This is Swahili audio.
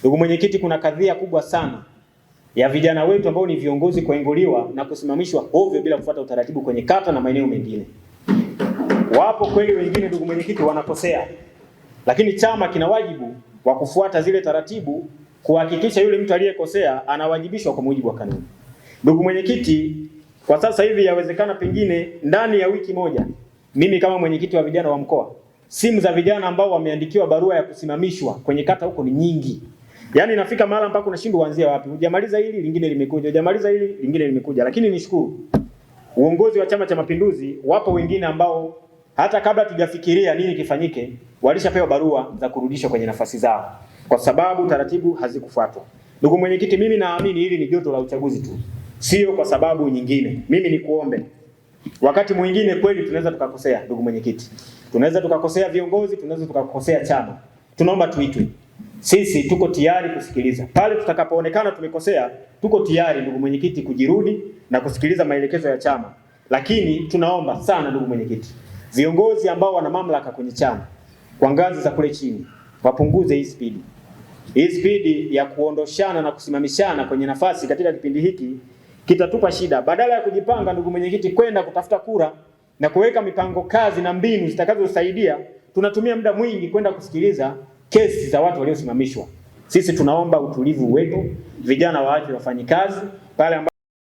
Ndugu mwenyekiti, kuna kadhia kubwa sana ya vijana wetu ambao ni viongozi kuenguliwa na kusimamishwa ovyo bila kufuata utaratibu kwenye kata na maeneo mengine. Wapo kweli wengine, ndugu mwenyekiti, wanakosea, lakini chama kina wajibu wa kufuata zile taratibu kuhakikisha yule mtu aliyekosea anawajibishwa kwa mujibu wa kanuni. Ndugu mwenyekiti, kwa sasa hivi yawezekana pengine ndani ya wiki moja mimi kama mwenyekiti wa vijana wa mkoa, simu za vijana ambao wameandikiwa barua ya kusimamishwa kwenye kata huko ni nyingi. Yaani inafika mahali mpaka unashindwa uanzia wapi. Hujamaliza hili lingine limekuja, hujamaliza hili lingine limekuja. Lakini nishukuru uongozi wa Chama cha Mapinduzi, wapo wengine ambao hata kabla tujafikiria nini kifanyike, walishapewa barua za kurudishwa kwenye nafasi zao kwa sababu taratibu hazikufuatwa. Ndugu mwenyekiti, mimi naamini hili ni joto la uchaguzi tu, sio kwa sababu nyingine. Mimi ni kuombe. wakati mwingine kweli tunaweza tukakosea. Ndugu mwenyekiti, tunaweza tukakosea viongozi, tunaweza tukakosea chama. Tunaomba tuitwe sisi tuko tayari kusikiliza pale tutakapoonekana tumekosea. Tuko tayari ndugu mwenyekiti, kujirudi na kusikiliza maelekezo ya chama, lakini tunaomba sana ndugu mwenyekiti, viongozi ambao wana mamlaka kwenye chama kwa ngazi za kule chini wapunguze hii spidi. Hii spidi ya kuondoshana na kusimamishana kwenye nafasi katika kipindi hiki kitatupa shida, badala ya kujipanga ndugu mwenyekiti, kwenda kutafuta kura na kuweka mipango kazi na mbinu zitakazosaidia, tunatumia muda mwingi kwenda kusikiliza kesi za watu waliosimamishwa. Sisi tunaomba utulivu wetu vijana waache wafanyikazi kazi pale